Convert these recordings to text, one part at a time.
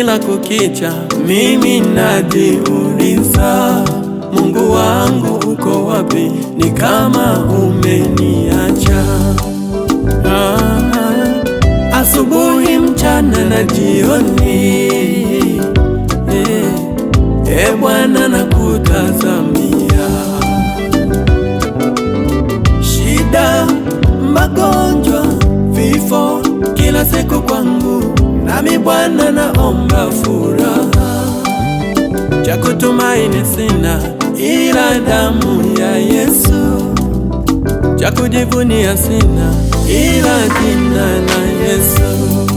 Kila kukicha mimi najiuliza, Mungu wangu uko wapi? Ni kama umeniacha. Ah, asubuhi, mchana na jioni, eh, eh Bwana nakutazamia. Shida, magonjwa, vifo, kila siku kwangu Nami Bwana naomba furaha, cha kutumaini sina ila damu ya Yesu, cha kujivunia sina ila jina la Yesu.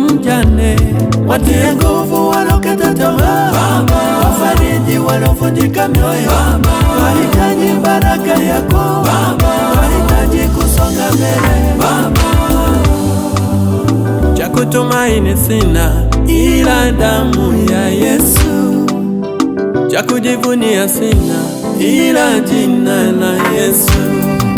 mjane, watie nguvu walokata tamaa, wafariji waliovunjika mioyo, wahitaji baraka yako, wahitaji kusonga mbele. Cha kutumaini sina ila damu ya Yesu, cha kujivunia sina ila jina la Yesu.